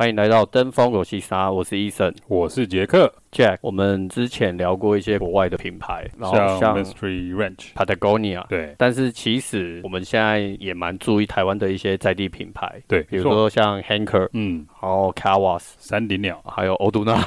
歡迎來到登峰遊戲沙，我是伊森，我是傑克。Jack，我們之前聊過一些國外的品牌，然後像,像 Mystery Ranch、Patagonia，對。但是其實我們現在也蠻注意台灣的一些在地品牌，對，比如說像 Hanker，嗯，然後 Kawas 山林鳥，還有歐都納，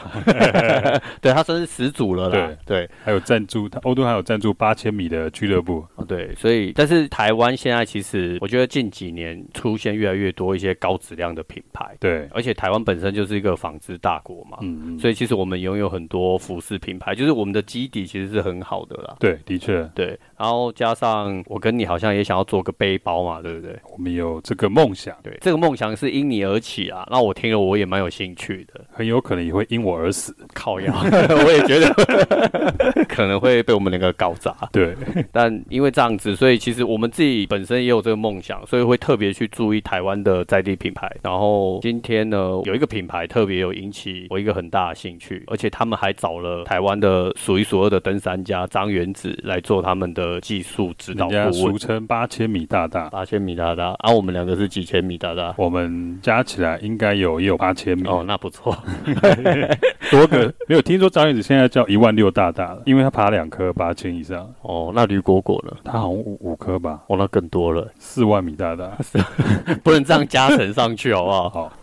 對，他算是始祖了啦，對。對還有贊助，他歐都還有贊助八千米的俱樂部，對。所以，但是台灣現在其實我覺得近幾年出現越來越多一些高質量的品牌，對。而且台灣本身就是一個紡織大國嘛，嗯嗯，所以其實我們擁有。很多服飾品牌，就是我們的基底其實是很好的啦。對，的確，對。然後加上我跟你好像也想要做個背包嘛，對不對？我們有這個夢想。對，這個夢想是因你而起啊。那我聽了我也蠻有興趣的。很有可能也會因我而死，靠腰， 我也覺得 可能會被我們兩個搞砸。對，但因為這樣子，所以其實我們自己本身也有這個夢想，所以會特別去注意台灣的在地品牌。然後今天呢，有一個品牌特別有引起我一個很大的興趣，而且它。他們還找了台灣的數一數二的登山家張元植來做他們的技術指導顧問，俗稱八千米大大。八千米大大，啊，我們兩個是幾千米大大？我們加起來應該有也有八千米哦，那不錯， 多個沒有聽說張元植現在叫一萬六大大了，因為他爬兩顆八千以上哦，那呂果果了，他好像五五顆吧，哦，那更多了，四萬米大大， 不能這樣加成上去好不好？ 好。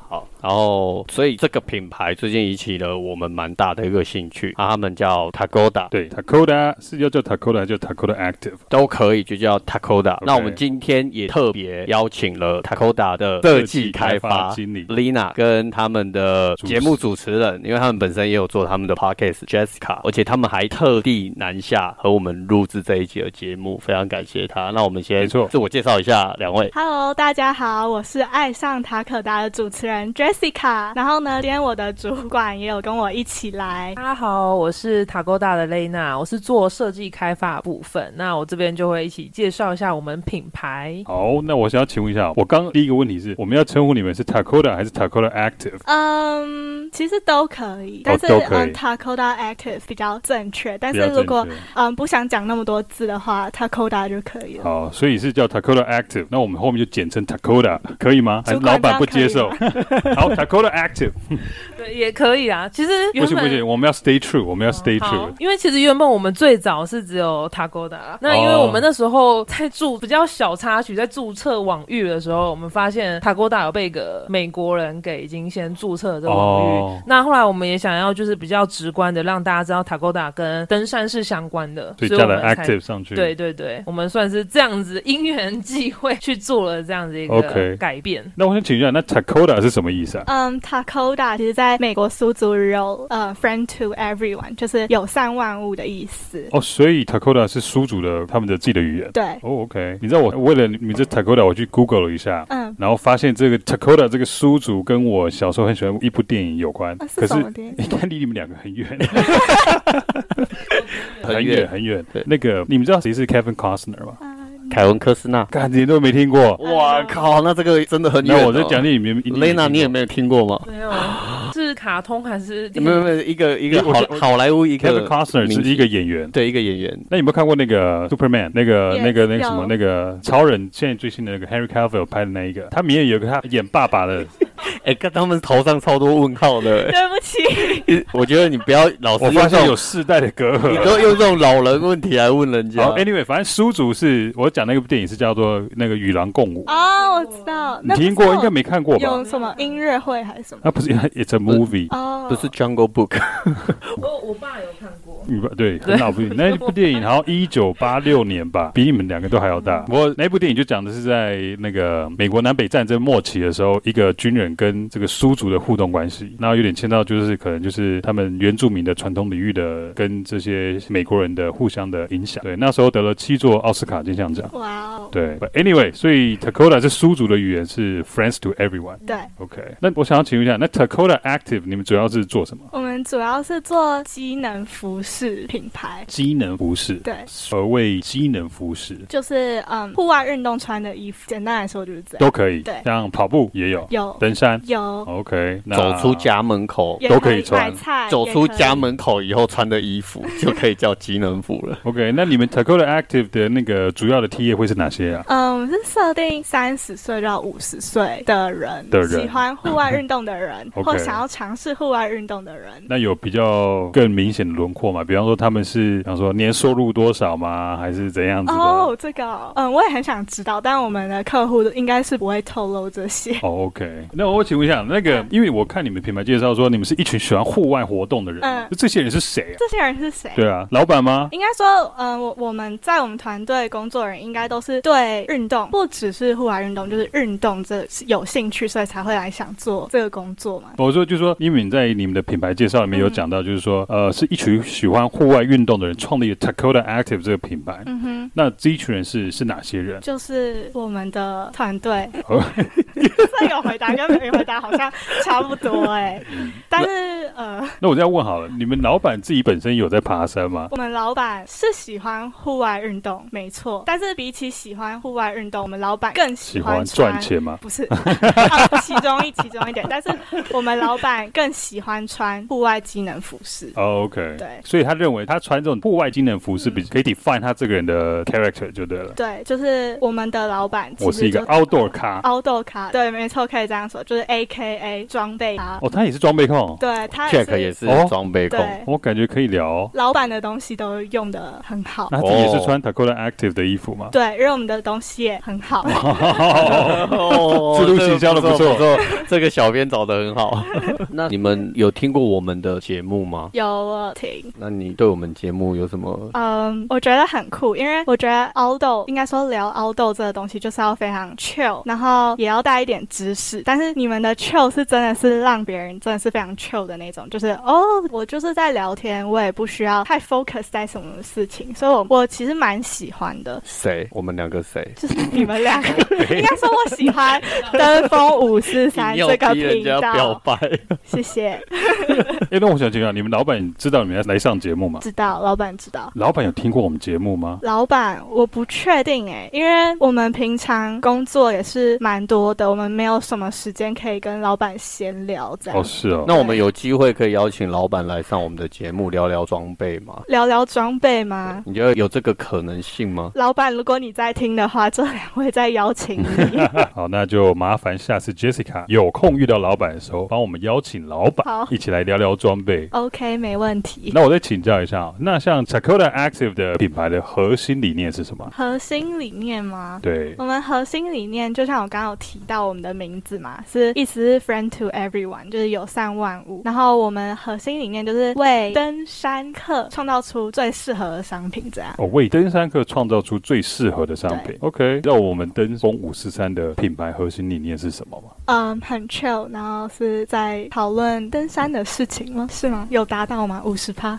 然後，所以這個品牌最近引起了我們蠻大的一個興趣。啊，他們叫 Takoda，對，Takoda 是要叫 Takoda 還是叫 Takoda Active 都可以，就叫 Takoda。Okay. 那我們今天也特別邀請了 Takoda 的設計開發，開發經理 Lena，跟他們的節目主持人，因為他們本身也有做他們的 podcast Jessica，而且他們還特地南下和我們錄制這一集的節目，非常感謝他。那我們先，沒錯，自我介紹一下，兩位。Hello，大家好，我是愛上塔可達的主持人 Jessica。Jessica，然後呢，今天我的主管也有跟我一起來。大家好，我是 Takoda 的雷娜，我是做設計開發部分。那我這邊就會一起介紹一下我們品牌。好，那我想要請問一下，我剛剛第一個問題是，我們要稱呼你們是 Takoda 還是 Takoda Active？嗯，其實都可以，但是，是、哦、嗯，Takoda Active 比較正確。但是如果嗯不想講那麼多字的話，Takoda 就可以了。好，所以是叫 Takoda Active，那我們後面就簡稱 Takoda，可以嗎？還是老闆不接受？哦 然 後、oh, Takoda Active， 對，也可以啊。其實不行不行，我們要 Stay True，我們要 Stay True、oh,。因為其實原本我們最早是只有 Takoda，、oh. 那因為我們那時候在注比較小插曲，在註冊網域的時候，我們發現 Takoda 有被個美國人給已經先註冊這個網域。Oh. 那後來我們也想要就是比較直觀的讓大家知道 Takoda 跟登山是相關的，對，所以加了 Active 上去。對對對，我們算是這樣子因緣際會去做了這樣子一個、okay. 改變。那我想請問，那 Takoda 是什麼意思？嗯、um,，Takoda 其實在美國蘇族語，呃、uh,，friend to everyone 就是友善萬物的意思。哦，所以 Takoda 是蘇族的他們的自己的語言。對、oh,，OK。你知道我為了你,你這 Takoda，我去 Google 了一下，嗯，然後發現這個 Takoda 這個蘇族跟我小時候很喜歡一部電影有關，啊、是什麼電影可是應該離你們兩個很遠， 很遠很遠。對，那個你們知道誰是 Kevin Costner 嗎？啊凱文·科斯納，幹，你都沒聽過，啊、哇靠，那這個真的很遠，喔。那我在講你，雷娜，你也沒有聽過嗎？沒有， 是卡通還是、這個？沒有沒有，一個一個好好萊塢一個。Kevin Costner 是一個，一個演員，對，一個演員。那你有沒有看過那個 Superman？那個 yeah, 那個那個什麼？Yeah, 那個、yeah. 那個、超人，現在最新的那個 Henry Cavill 拍的那一個，他裡也有個他演爸爸的。哎、 欸，看他們頭上超多問號的。 對不起 我覺得你不要老是。 我發現有世代的隔閡， 你都用這種老人問題來問人家。Anyway，反正書主是我講那部電影是叫做那個《與狼共舞》啊，我知道，你聽過應該沒看過吧？有什麼音樂會還是什麼？那不是，It's a movie，不是《Jungle Book》。我我爸有看過。嗯、對，對，很老部那部電影，好像一九八六年吧， 比你們兩個都還要大。我、嗯、那部電影就講的是在那個美國南北戰爭末期的時候，一個軍人跟這個蘇族的互動關係，那有點牽到就是可能就是他們原住民的傳統領域的跟這些美國人的互相的影響。對，那時候得了七座奧斯卡金像獎。哇哦，對。But anyway，所以 Takoda 是蘇族的語言是 Friends to Everyone 對。對，OK。那我想要請問一下，那 Takoda Active 你們主要是做什麼？我們主要是做機能服飾。是品牌機能服飾，對，所謂機能服飾就是嗯戶外運動穿的衣服。簡單來說就是這樣。都可以，對，像跑步也有，有登山有。OK，那走出家門口也可都可以穿。走出家門口以後穿的衣服可 就可以叫機能服了。OK，那你們 t a c o d a Active 的那個主要的 T 液會是哪些啊？嗯，是設定三十歲到五十歲的人，的人喜歡戶外運動的人， 或想要嘗試戶外運動的人。Okay. 那有比較更明顯的輪廓嗎？比方說他們是，比方說年收入多少嗎？還是怎樣子哦，oh, 這個，嗯，我也很想知道，但我們的客戶應該是不會透露這些。Oh, OK，那我請問一下，那個、嗯，因為我看你們品牌介紹說你們是一群喜歡戶外活動的人，嗯，這些人是誰、啊？這些人是誰？對啊，老板嗎？應該說，嗯、呃，我我們在我們團隊工作人應該都是對運動，不只是戶外運動，就是運動這有興趣，所以才會來想做這個工作嘛。我說，就說，因為你在你們的品牌介紹裡面有講到，就是說、嗯，呃，是一群喜。喜歡戶外運動的人創立 Takoda Active 這個品牌，嗯哼，那這一群人是是哪些人？就是我們的團隊。這 有回答跟沒回答好像差不多哎、欸， 但是呃，那我再問好了，你們老闆自己本身有在爬山嗎？我們老闆是喜歡戶外運動，沒錯。但是比起喜歡戶外運動，我們老闆更喜歡，喜歡賺錢嗎？不是， 哦、 其中一其中一點。但是我們老闆更喜歡穿戶外機能服飾。Oh, OK，對，所以。所以他認為他穿這種戶外機能服飾，比可以 define 他這個人的 character 就對了。對，就是我們的老板。我是一個 outdoor car、哦。outdoor car。對，沒錯，可以這樣說，就是 AKA 裝備卡哦，他也是裝備控。對，他 check 也是裝備控。我感覺可以聊、哦。老板的東西都用的很好。那自己也是穿 Takoda Active 的衣服嗎？對，因為我們的東西也很好。哦，哦這都息交的不錯，這個小編找的很好。 那你們有聽過我們的節目嗎？有啊，我聽。你對我們節目有什麼？嗯、um，我覺得很酷，因為我覺得凹豆，應該說聊凹豆這個東西就是要非常 chill，然後也要帶一點知識，但是你們的 chill 是真的是讓別人真的是非常 chill 的那種，就是哦，oh, 我就是在聊天，我也不需要太 focus 在什麼事情，所以我我其實蠻喜歡的。誰？我們兩個誰？就是你們兩個。 應該說我喜歡登峰五四三這個頻道。要逼人家要表白。謝謝。因 為、欸、我想知道你們老闆知道你們要來上。節目嗎？知道老闆知道。老闆有聽過我們節目嗎？老闆，我不確定哎，因為我們平常工作也是蠻多的，我們沒有什麼時間可以跟老闆閒聊。這樣哦，是哦。那我們有機會可以邀請老闆來上我們的節目聊聊裝備嗎？聊聊裝備嗎？你覺得有這個可能性嗎？老闆，如果你在聽的話，這兩位在邀請你。 好，那就麻煩下次 Jessica 有空遇到老闆的時候，幫我們邀請老闆，一起來聊聊裝備。OK，沒問題。那我在。請教一下，那像 Takoda Active 的品牌的核心理念是什麼？核心理念嗎？對，我們核心理念就像我剛剛有提到，我們的名字嘛，是意思是 friend to everyone，就是友善萬物。然後我們核心理念就是為登山客創造出最適合的商品，這樣。哦，為登山客創造出最適合的商品。OK，那我們登峰五四三的品牌核心理念是什麼嗎？嗯、um,，很 chill，然後是在討論登山的事情嗎？是嗎？有達到嗎？五十趴。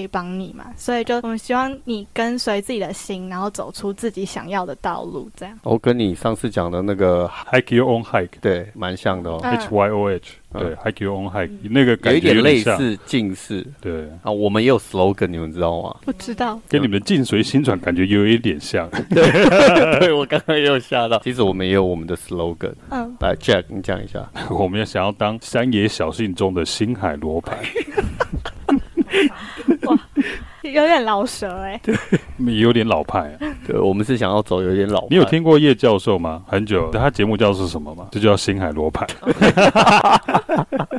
可以幫你嘛？所以就我們希望你跟隨自己的心，然後走出自己想要的道路。這樣，我、哦、跟你上次講的那個 Hike your own hike，對，蠻像的，哦。Uh, H Y O H，、uh, 對，hike your own hike，、嗯，那個感覺有點像，有點類似近似。對啊，我們也有 slogan，你們知道嗎？不知道，跟你們近隨心轉感覺有一點像。 對， 對，我剛剛也有嚇到，其實我們也有我們的 slogan。嗯，來 Jack，你講一下， 我們要想要當山野小徑中的星海羅盤。 有點老舌哎，對，你有點老派、啊。 對，我們是想要走有點老。派 你有聽過葉教授嗎？很久，嗯、他節目叫是什麼嗎？這 叫《星海羅盤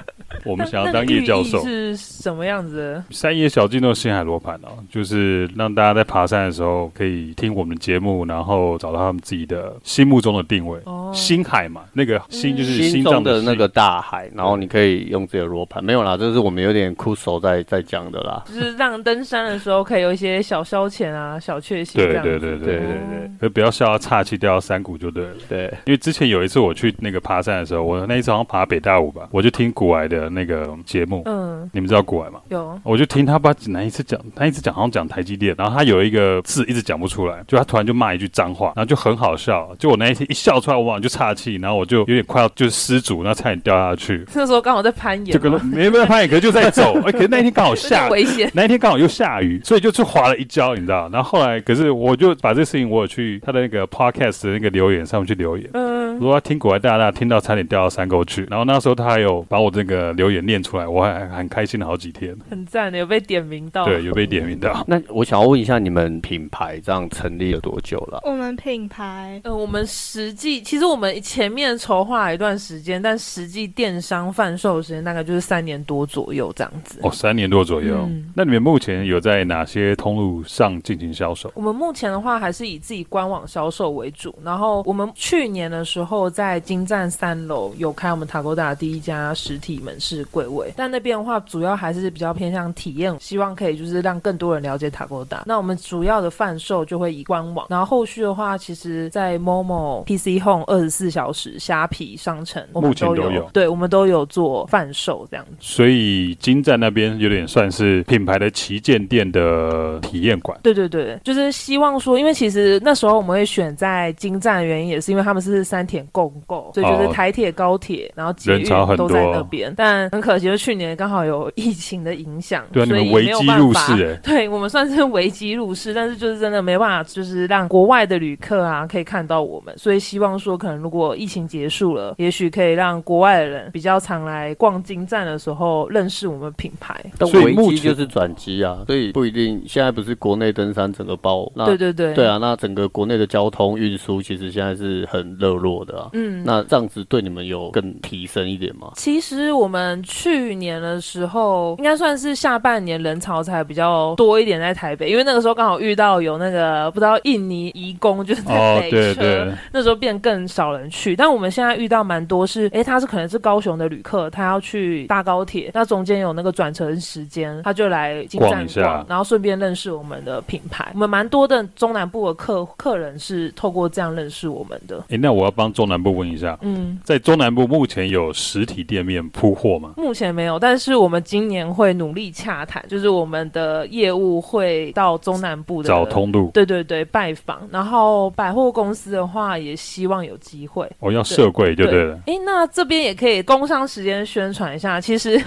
我們想要當葉教授是什麼樣子？山野小徑是心海羅盤哦，就是讓大家在爬山的時候可以聽我們節目，然後找到他們自己的心目中的定位。哦，心海嘛，那個心就是心，心、嗯、心中的那個大海，然後你可以用這個羅盤。沒有啦，這是我們有點苦手在在講的啦。就是讓登山的時候可以有一些小消遣啊，小確幸。對對對對對對、哦，就不要笑到岔氣掉到山谷就對了。對，因為之前有一次我去那個爬山的時候，我那一次好像爬北大武吧，我就聽古來的那個。那個節目，嗯，你們知道股癌嗎？有，我就聽他把那一次講，他一直講，好像講台積電，然後他有一個字一直講不出來，就他突然就罵一句髒話，然後就很好笑。就我那一天一笑出來，我馬上就岔氣，然後我就有點快要就是失足，然後差點掉下去。那時候剛好在攀岩，就跟沒有攀岩，可是就在走。而 且、欸、那天剛好下危險，那一天剛好又下雨，所以就，就滑了一跤，你知道。然後後來，可是我就把這個事情，我有去他的那個 podcast 的那個留言上面去留言。嗯，如果他聽股癌，大大聽到差點掉到山溝去。然後那時候他還有把我這、那個。留言念出來，我還很開心了好幾天，很讚的，有被點名到，對，有被點名到。 那我想要問一下，你們品牌這樣成立有多久了？我們品牌，呃，我們實際其實我們前面籌劃了一段時間，但實際電商販售的時間大概就是三年多左右，這樣子。哦，三年多左右。嗯。那你們目前有在哪些通路上進行銷售？我們目前的話還是以自己官網銷售為主，然後我們去年的時候在精湛三樓有開我們 Takoda 第一家實體門市。是貴位，但那邊的話主要還是比較偏向體驗，希望可以就是讓更多人了解 Takoda。那我們主要的販售就會以官網，然後後續的話，其實在 Momo、PC Home 二十四小時蝦皮商城我們，目前都有，對我們都有做販售這樣子。所以金站那邊有點算是品牌的旗艦店的體驗館。對對對，就是希望說，因為其實那時候我們會選在金站的原因，也是因為他們是三鐵共構，所以就是台鐵高鐵，然後捷運都在那邊，但很可惜，去年剛好有疫情的影響，對啊，所以沒有辦法，欸、對，我們算是危機入市，但是就是真的沒辦法，就是讓國外的旅客啊可以看到我們，所以希望說，可能如果疫情結束了，也許可以讓國外的人比較常來逛京站的時候認識我們品牌。所以危機就是轉機啊，所以不一定。現在不是國內登山整個包那，對對對，對啊，那整個國內的交通運輸其實現在是很熱絡的、啊、嗯，那這樣子對你們有更提升一點嗎？其實我們。去年的時候，應該算是下半年人潮才比較多一點，在台北，因為那個時候剛好遇到有那個不知道印尼移工就是在北車、oh,，那時候變更少人去。但我們現在遇到蠻多是，哎，他是可能是高雄的旅客，他要去搭高鐵，那中間有那個轉乘時間，他就來逛,逛一下，然後順便認識我們的品牌。我們蠻多的中南部的客客人是透過這樣認識我們的。哎，那我要幫中南部問一下，嗯，在中南部目前有實體店面鋪貨嗎？目前沒有，但是我們今年會努力洽談，就是我們的業務會到中南部的找通路，對對對，拜訪。然後百貨公司的話，也希望有機會。哦，要設櫃就對了。哎，那這邊也可以工商時間宣傳一下。其實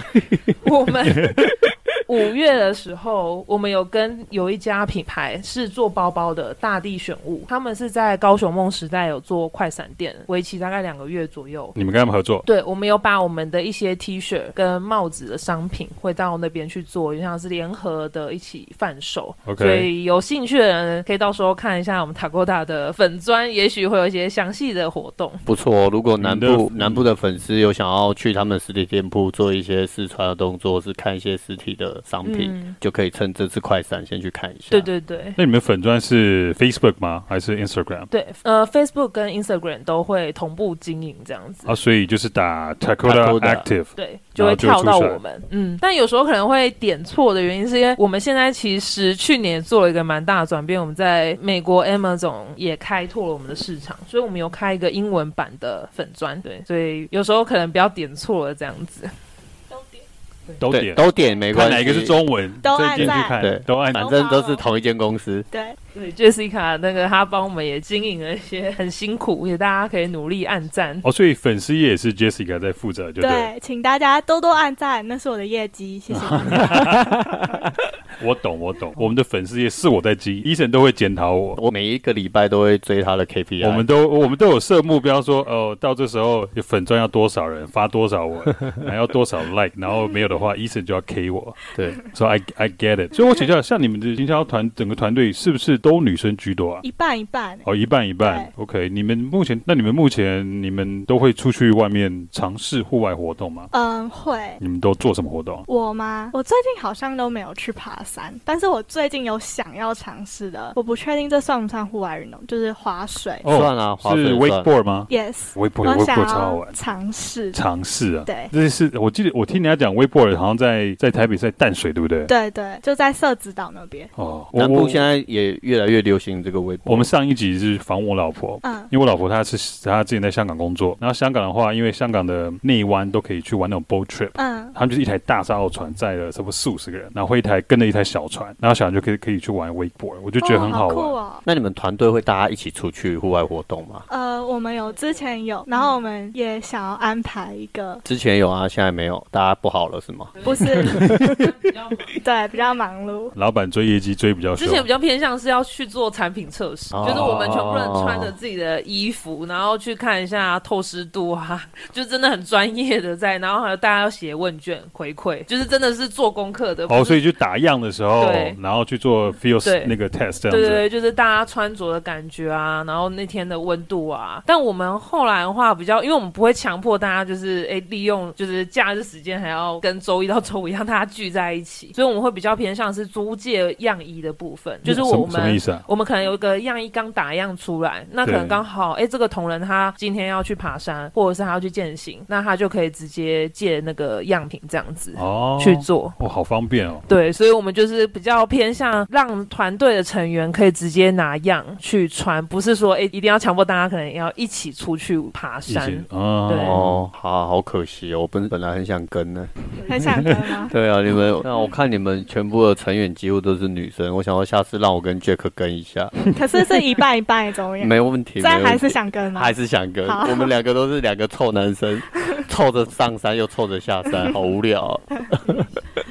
我們。 五月的時候，我們有跟有一家品牌是做包包的大地選物，他們是在高雄夢時代有做快閃店，為期大概兩個月左右。你們跟他們合作？對，我們有把我們的一些 T 恤跟帽子的商品會到那邊去做，就像是聯合的一起販售。OK，所以有興趣的人可以到時候看一下我們 Takoda 的粉專，也許會有一些詳細的活動。不錯，如果南部、嗯、南部的粉絲有想要去他們實體店鋪做一些試穿的動作，是看一些實體的。商品，嗯、就可以趁這次快閃先去看一下。對對對。那你們粉專是 Facebook 嗎？還是 Instagram？對，呃，Facebook 跟 Instagram 都會同步經營這樣子。啊，所以就是打 Takoda Active，Tata. 對，就會跳到我們。嗯，但有時候可能會點錯的原因是因為我們現在其實去年做了一個蠻大的轉變，我們在美國 Amazon 也開拓了我們的市場，所以我們有開一個英文版的粉專。對，所以有時候可能不要點錯了這樣子。都點都點沒關係，看哪一個是中文，都按讚，都按，反正都是同一間公司。對對，Jessica 那個她幫我們也經營了一些，很辛苦，也大家可以努力按讚哦。所以粉絲也是 Jessica 在負責就對，就對，請大家多多按讚，那是我的業績，謝謝。 我懂，我懂，我們的粉絲也是我在積，Ea son 都會檢討我。我每一個禮拜都會追他的 KPI，我們都我們都有設目標說，說哦，到這時候粉鑽要多少人，發多少文， 還要多少 like，然後沒有的話，Ea son 就要 K 我。對，所 以、so、I I get it。 所以，我請教，像你們的營銷團，整個團隊是不是都女生居多啊？一半一半，哦、oh,，一半一半，OK。你們目前，那你們目前，你們都會出去外面嘗試戶外活動嗎？嗯，會。你們都做什麼活動？我嗎？我最近好像都沒有去爬。但是，我最近有想要嘗試的，我不確定這算不算戶外運動，就是划水、哦。算啊，滑水算了是 Wakeboard 嗎 Yes Wakeboard Wakeboard 超好玩。嘗、yes, 試，嘗試啊,啊，對，這是我記得我聽人家講 Wakeboard 好像在在台北在淡水，對不對？對對,對，就在社子島那邊。哦，我、嗯、部現在也越來越流行這個 Wakeboard。a 我們上一集是訪我老婆，嗯，因為我老婆她是她之前在香港工作，然後香港的話，因為香港的內灣都可以去玩那種 boat trip，嗯，他們就是一台大沙澳船載了差不多四五十個人，然後會一台跟着一。在小船，然後小船就可以可以去玩微博，我就覺得很好玩。哦，好酷哦！那你們團隊會大家一起出去戶外活動嗎？呃，我們有之前有，然後我們也想要安排一個。之前有啊，現在沒有，大家不好了是嗎？不是， 比較對，比較忙碌。老闆追業績追比較，之前比較偏向是要去做產品測試，哦，就是我們全部人穿着自己的衣服，然後去看一下透濕度啊，就真的很專業的在，然後還有大家要寫問卷回饋，就是真的是做功課的。哦，所以就打樣了。的時候，然後去做 feels 那個 test 這樣子對對對，就是大家穿着的感覺啊，然後那天的溫度啊。但我們後來的話比較，因為我們不會強迫大家，就是哎、欸、利用就是假日時間，還要跟周一到周五一樣大家聚在一起，所以我們會比較偏向是租借樣衣的部分。就是我們什麼,什麼意思啊？我們可能有一個樣衣剛打樣出來，那可能剛好哎、欸、這個同仁他今天要去爬山，或者是他要去健行，那他就可以直接借那個樣品這樣子哦去做。哦，好方便哦。對，所以我們。就是比較偏向讓團隊的成員可以直接拿樣去穿，不是說哎、欸、一定要強迫大家可能要一起出去爬山哦，好，啊啊，好可惜哦，我本本來很想跟呢，很想跟啊。 對啊，你們那我看你們全部的成員幾乎都是女生，我想說下次讓我跟 Jack 跟一下。 可是是一半一半，怎麼樣？沒問題。雖然還是想跟嗎、啊？還是想跟。我們兩個都是兩個臭男生， 臭着上山又臭着下山，好無聊，啊。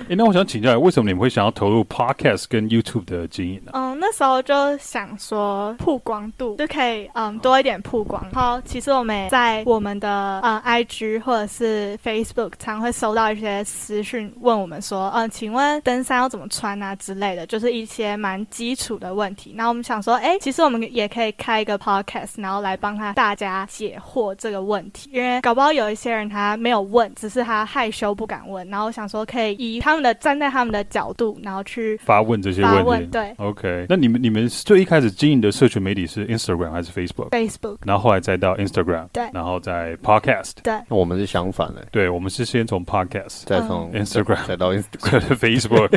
哎，那我想請教，為什麼你們會想要投入 Podcast 跟 YouTube 的經營呢？嗯，那時候就想說，曝光度就可以，嗯，多一點曝光。好，其實我們也在我們的呃、嗯、IG 或者是 Facebook，常會收到一些私訊，問我們說，嗯，請問登山要怎麼穿啊之類的，就是一些蠻基礎的問題。那我們想說，哎，其實我們也可以開一個 Podcast，然後來幫他大家解惑這個問題。因為搞不好有一些人他沒有問，只是他害羞不敢問，然後想說可以以他。他們的站在他們的角度，然後去發問這些問題。發問對，OK。那你們你們最一開始經營的社群媒體是 Instagram 還是 Facebook？Facebook Facebook。然後後來再到 Instagram，對。然後再 Podcast，對。那我們是相反的，對我們是先從 Podcast，再從 Instagram，再到 Facebook。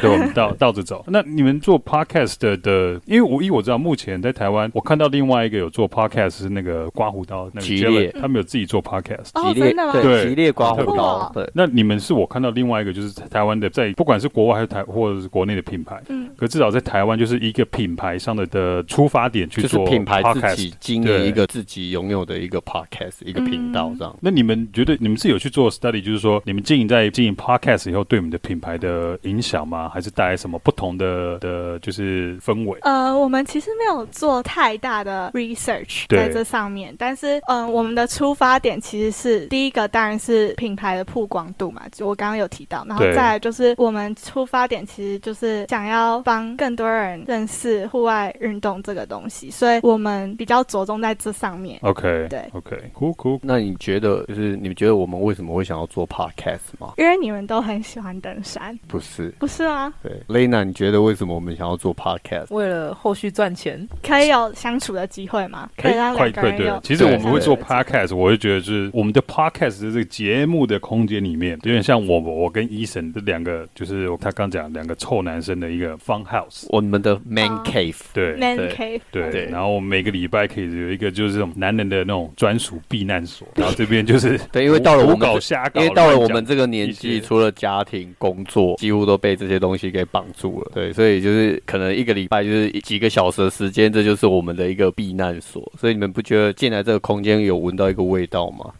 對，我們倒倒着走。 那你們做 Podcast 的，的因為我依我知道，目前在台灣，我看到另外一個有做 Podcast、嗯、是那個刮鬍刀那個吉列，他們有自己做 Podcast。嗯哦、真的嗎？對，吉列刮鬍刀對、哦對。那你們是我看到另外一個就是。台灣的在不管是國外還是台或者是國內的品牌，嗯，可至少在台灣就是一個品牌上的的出發點去做 podcast，就是品牌自己經營一個自己擁有的一個 podcast、嗯、一個頻道這樣、嗯嗯。那你們覺得你們是有去做 study，就是說你們經營在經營 podcast 以後對你們的品牌的影響嗎？還是帶來什麼不同的的，就是氛圍？呃，我們其實沒有做太大的 research 在這上面，但是嗯、呃，我們的出發點其實是第一個當然是品牌的曝光度嘛，就我剛剛有提到，然後。在就是我們出發點其實就是想要幫更多人認識戶外運動這個東西，所以我們比較着重在這上面。OK，對，OK，okay. Cool, cool. 那你覺得就是你們覺得我們為什麼會想要做 Podcast 嗎？因為你們都很喜歡登山，不是？不是啊。對，Lena 你覺得為什麼我們想要做 Podcast？為了後續賺錢，可以有相處的機會嗎？可以啊，快對對，其實我們會做 Podcast，我會覺得就是我們的 Podcast 的這個節目的空間裡面，有點像我我跟醫生整的兩個就是他剛講兩個臭男生的一個 fun house，我們的 man cave，uh, 對，man cave，對，對，然後我們每個禮拜可以有一個就是這種男人的那種專屬避難所，然後這邊就是 對，因為到了我們搞瞎搞，因為到了我們這個年紀，除了家庭工作，幾乎都被這些東西給綁住了，對，所以就是可能一個禮拜就是幾個小時的時間，這就是我們的一個避難所。所以你們不覺得進來這個空間有聞到一個味道嗎？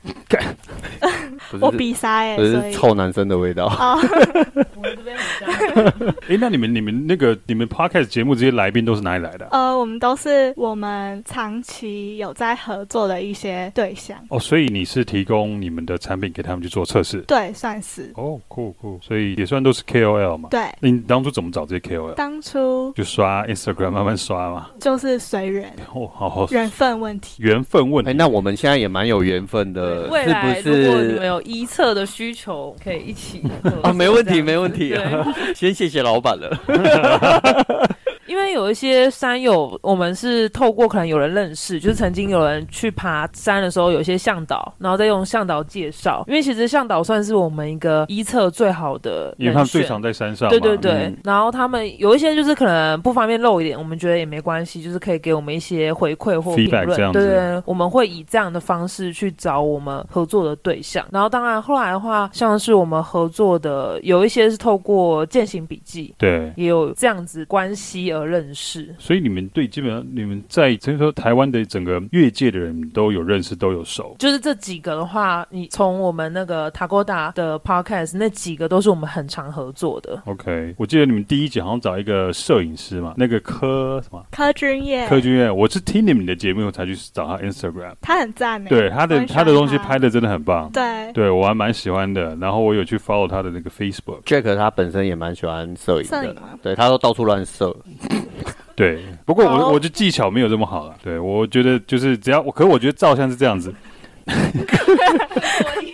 我 鼻不是 我鼻塞，欸，是臭男生的味道 哈哈哈哈哈！哎，那你們、你們那個、你們 podcast 節目這些來賓都是哪裡來的、啊？呃，我們都是我們長期有在合作的一些對象哦。所以你是提供你們的產品給他們去做測試，對，算是哦，酷酷，所以也算都是 K O L 嘛。對，那你當初怎麼找這些 K O L？當初就刷 Instagram 慢慢刷嘛，嗯，就是隨緣哦，好好緣分問題，緣分問題。那我們現在也蠻有緣分的，未來是不是如果你們有一測的需求，可以一起。 啊啊、沒問題，沒問題。先謝謝老板了。 因為有一些山友，我們是透過可能有人認識，就是曾經有人去爬山的時候，有一些向導，然後再用向導介紹。因為其實向導算是我們一個一測最好的，因為他最常在山上。對對對、嗯。然後他們有一些就是可能不方便露一點，我們覺得也沒關係，就是可以給我們一些回饋或評論。對,對,對，我們會以這樣的方式去找我們合作的對象。然後當然後來的話，像是我們合作的有一些是透過健行筆記，對，也有這樣子關係而。認識，所以你們對，基本上你們在，等於說台灣的整個越界的人都有認識，都有熟。就是這幾個的話，你從我們那個 Takoda 的 podcast 那幾個都是我們很常合作的。OK，我記得你們第一集好像找一個攝影師嘛，那個柯什麼柯君業？柯君業，我是聽你們的節目我才去找他 Instagram，他很讚，對他的他，他的東西拍的真的很棒，對，對我還蠻喜歡的。然後我有去 follow 他的那個 Facebook，Jack 他本身也蠻喜歡攝影的影，對，他都到處亂攝。 對，不過我我的技巧沒有這麼好了。對我覺得就是只要我，可是我覺得照相是這樣子。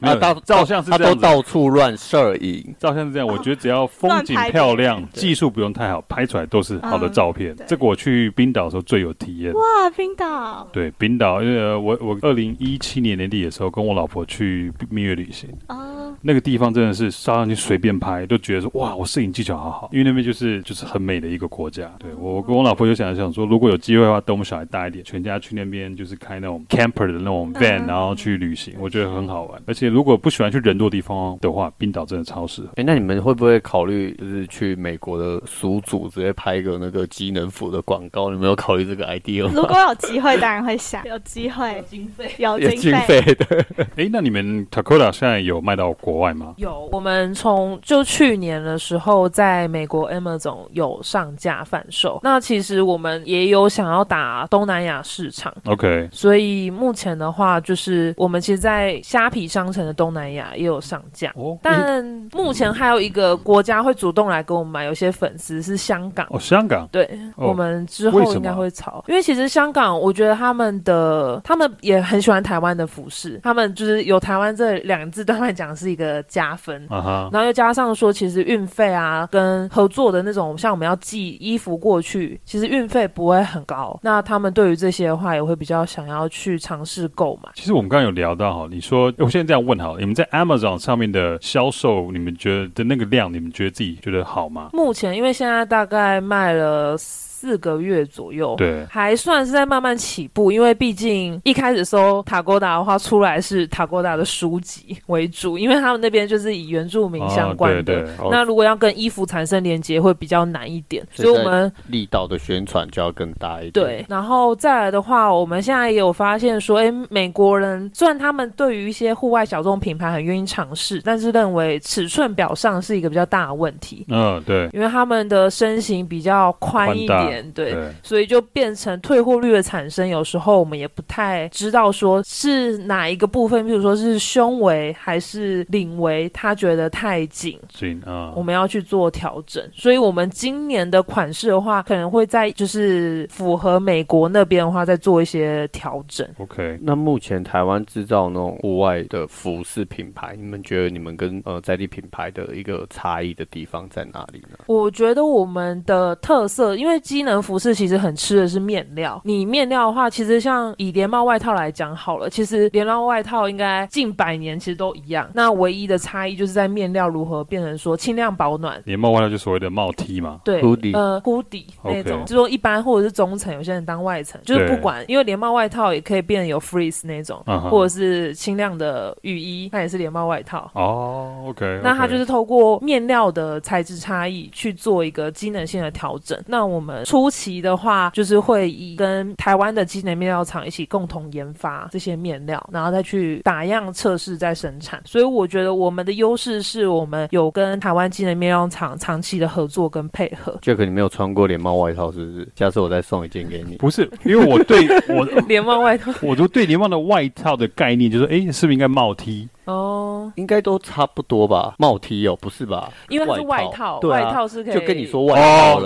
那、okay, 到、啊、照相是這樣，他都到處亂攝影，照相是這樣、啊。我覺得只要風景漂亮，技術不用太好，拍出來都是好的照片。嗯、這個我去冰島的時候最有體驗。哇，冰島！對，冰島，因為我我二零一七年年底的時候跟我老婆去蜜月旅行，啊、那個地方真的是稍微去隨便拍，都覺得說哇，我攝影技巧好好。因為那邊就是就是很美的一個國家。對我跟我老婆就想一想說，如果有機會的話，等我們小孩大一點，全家去那邊就是開那種 camper 的那種 van，、嗯、然後去旅行，我覺得很好玩。而且如果不喜歡去人多地方的話，冰島真的超適合。哎，那你們會不會考慮就是去美國的俗組直接拍一個那個機能服的廣告？你們有考慮這個 idea 嗎？如果有機會，當然會想。有機會，經費有經費的。哎，那你們 Takoda 現在有賣到國外嗎？有，我們從就去年的時候，在美國 Amazon 有上架販售。那其實我們也有想要打東南亞市場。OK，所以目前的話，就是我們其實，在蝦皮上。商城的東南亞也有上架，但目前還有一個國家會主動來給我們買。有些粉絲是香港哦。香港對、哦，我們之後應該會炒，因為其實香港我覺得他們的他們也很喜歡台灣的服飾，他們就是有台灣這兩個字，對他們來講是一個加分，啊。然後又加上說，其實運費啊跟合作的那種，像我們要寄衣服過去，其實運費不會很高。那他們對於這些的話，也會比較想要去嘗試購買。其實我們剛剛有聊到哈，你說我現在。這樣問好，你們在 Amazon 上面的銷售，你們覺得的那個量，你們覺得自己覺得好嗎？目前，因為現在大概賣了。四個月左右，對，還算是在慢慢起步，因為畢竟一開始搜塔哥達的話，出來是塔哥達的書籍為主，因為他們那邊就是以原住民相關的。哦、對對，那如果要跟衣服產生連接，會比較難一點，所以我們以力道的宣傳就要更大一點。對，然後再來的話，我們現在也有發現說，哎，美國人雖然他們對於一些戶外小眾品牌很願意嘗試，但是認為尺寸表上是一個比較大的問題。嗯、哦，對，因為他們的身形比較寬一點。對，對，所以就變成退貨率的產生，有時候我們也不太知道說是哪一個部分，比如說是胸圍還是領圍，他覺得太緊，緊啊，我們要去做調整。所以，我們今年的款式的話，可能會在就是符合美國那邊的話，再做一些調整。OK，那目前台灣制造那種戶外的服飾品牌，你們覺得你們跟呃在地品牌的一個差異的地方在哪裡呢？我覺得我們的特色，因為今。機能服飾其實很吃的是面料。你面料的話，其實像以連帽外套來講好了，其實連帽外套應該近百年其實都一樣。那唯一的差異就是在面料如何變成說輕量保暖。連帽外套就是所謂的帽 T 嘛，對，hoodie、呃 hoodie、okay. 那種，就說一般或者是中層，有些人當外層，就是不管，yeah. 因為連帽外套也可以變成有 freeze 那種，uh -huh. 或者是輕量的雨衣，它也是連帽外套。哦、oh，OK, okay.。那它就是透過面料的材質差異去做一個機能性的調整。那我們，初期的話，就是會以跟台灣的機能面料廠一起共同研發這些面料，然後再去打樣測試、再生產。所以我覺得我們的優勢是我們有跟台灣機能面料廠長期的合作跟配合。Jack，你沒有穿過連帽外套，是不是？下次我再送一件給你。不是，因為我對我連 帽外套， 我就對連帽的外套的概念，就是說，誒，你是不是應該帽 T？哦、oh，應該都差不多吧？帽 T 哦，不是吧？因為它是外套，外套，啊、外套是可以就跟你說外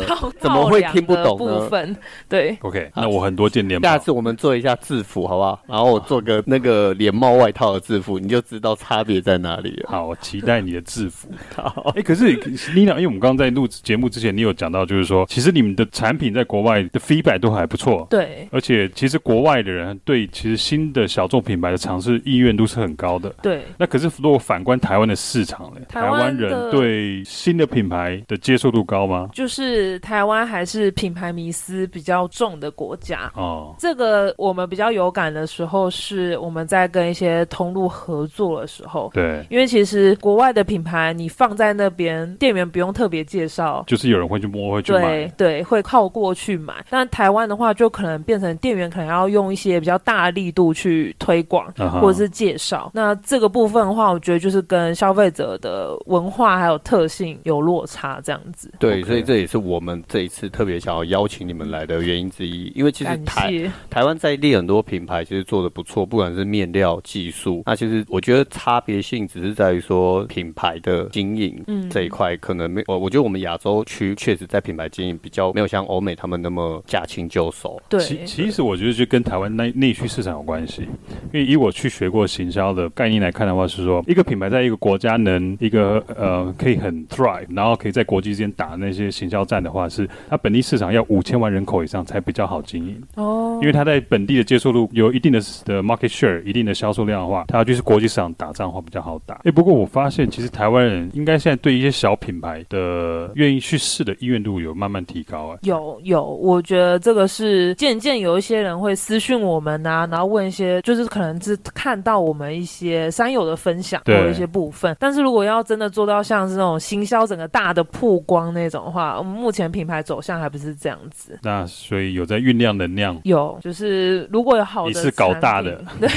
套、oh，怎麼會聽不懂呢？部分對，OK，啊、那我很多件連帽。下次我們做一下制服好不好？然後我做個那個連帽外套的制服，oh。你就知道差別在哪裡。好，我期待你的制服。好，哎，可是 Lena，因為我們剛剛在錄節目之前，你有講到，就是說，其實你們的產品在國外的 feedback 都還不錯。對，而且其實國外的人對其實新的小眾品牌的嘗試意願度是很高的。對。那可是，如果反觀台灣的市場呢？台灣人對新的品牌的接受度高嗎？就是台灣還是品牌迷思比較重的國家哦。這個我們比較有感的時候是我們在跟一些通路合作的時候，對，因為其實國外的品牌你放在那邊，店員不用特別介紹，就是有人會去摸會去買對，對對，會靠過去買。但台灣的話，就可能變成店員可能要用一些比較大力度去推廣、啊、或者是介紹。那這個部。部分的話，我覺得就是跟消費者的文化還有特性有落差這樣子。對，所以這也是我們這一次特別想要邀請你們來的原因之一。因為其實台台灣在地很多品牌其實做得不錯，不管是面料技術，那其實我覺得差別性只是在於說品牌的經營，嗯，這一塊可能沒。我我覺得我們亞洲區確實在品牌經營比較沒有像歐美他們那麼駕輕就熟。對，其其實我覺得就跟台灣內內需市場有關係，因為以我去學過行銷的概念來看。看的話是說，一個品牌在一個國家能一個呃可以很 thrive 然後可以在國際之間打那些行銷戰的話，是它本地市場要五千萬人口以上才比較好經營哦，因為它在本地的接受度有一定的的 market share，一定的銷售量的話，它就是國際市場打仗的話比較好打。哎，不過我發現其實台灣人應該現在對一些小品牌的願意去試的意願度有慢慢提高啊、哎。有有，我覺得這個是漸漸有一些人會私訊我們吶、啊，然後問一些就是可能是看到我們一些商。有的分享有一些部分，但是如果要真的做到像是那種行銷，整個大的曝光那種的話，我們目前品牌走向還不是這樣子。那所以有在醞釀能量，有就是如果有好的，你是搞大的，對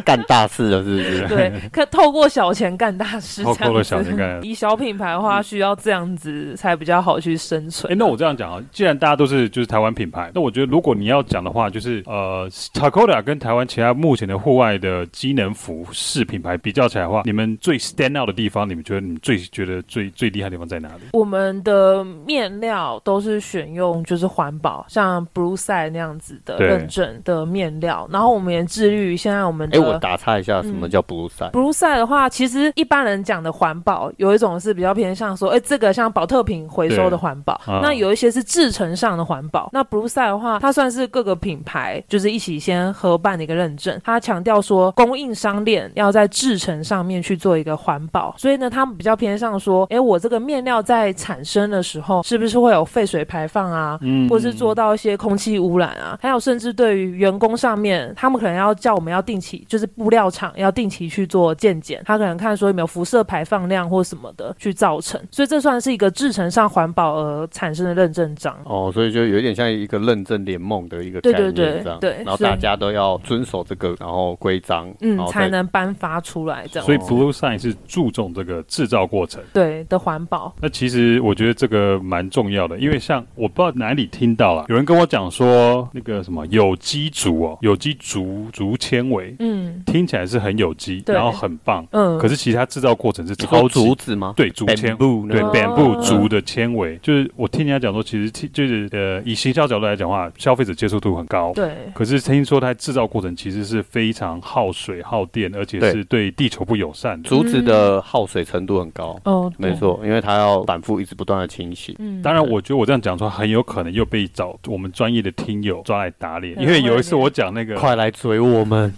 幹大事的是不是？對，可 透過小錢幹大事。透過小錢幹以小品牌的話，需要這樣子才比較好去生存。哎、嗯，那我這樣講啊，既然大家都是就是台灣品牌，那我覺得如果你要講的話，就是呃，Takoda 跟台灣其他目前的戶外的機能服飾品。牌比較起來的話，你們最 stand out 的地方，你們覺得你們最覺得最最厲害的地方在哪裡？我們的面料都是選用就是環保，像 Blueside 那樣子的認證的面料，然後我們也致力於現在我們的哎、欸，我打岔一下、嗯，什麼叫 Blueside？Blueside Blue 的話，其實一般人講的環保，有一種是比較偏向說，哎、欸，這個像寶特瓶回收的環保，啊，那有一些是製程上的環保。那 Blueside 的話，它算是各個品牌就是一起先合辦的一個認證，它強調說供應商鏈要在製程上面去做一個環保，所以呢，他們比較偏向說，哎，我這個面料在產生的時候，是不是會有廢水排放啊？嗯，或是做到一些空氣污染啊？還有，甚至對於員工上面，他們可能要叫我們要定期，就是布料廠要定期去做鑑檢，他可能看說有沒有輻射排放量或什麼的去造成。所以這算是一個製程上環保而產生的認證章。哦，所以就有點像一個認證聯盟的一個概念這樣，對對對對，然後大家都要遵守這個，然後規章，嗯，才，才能頒發。出來這樣，所以 Blue Sign 是注重這個製造過程，對的環保。那其實我覺得這個蠻重要的，因為像我不知道哪裡聽到了，有人跟我講說那個什麼有機竹哦，有機竹竹纖維，嗯，聽起來是很有機，然後很棒，嗯。可是其實它製造過程是超竹子嗎？對，竹纖維，嗯，對，Bamboo 竹的纖維，嗯。就是我聽人家講說，其實就是呃，以行銷角度來講的話，消費者接受度很高，對。可是聽說它製造過程其實是非常耗水耗電，而且是。對地球不友善，竹子的耗水程度很高。哦、嗯 oh，沒錯，因為它要反覆一直不斷的清洗。嗯，當然，我覺得我這樣講出來，很有可能又被找我們專業的聽友抓來打臉。因為有一次我講那個，快來追我們，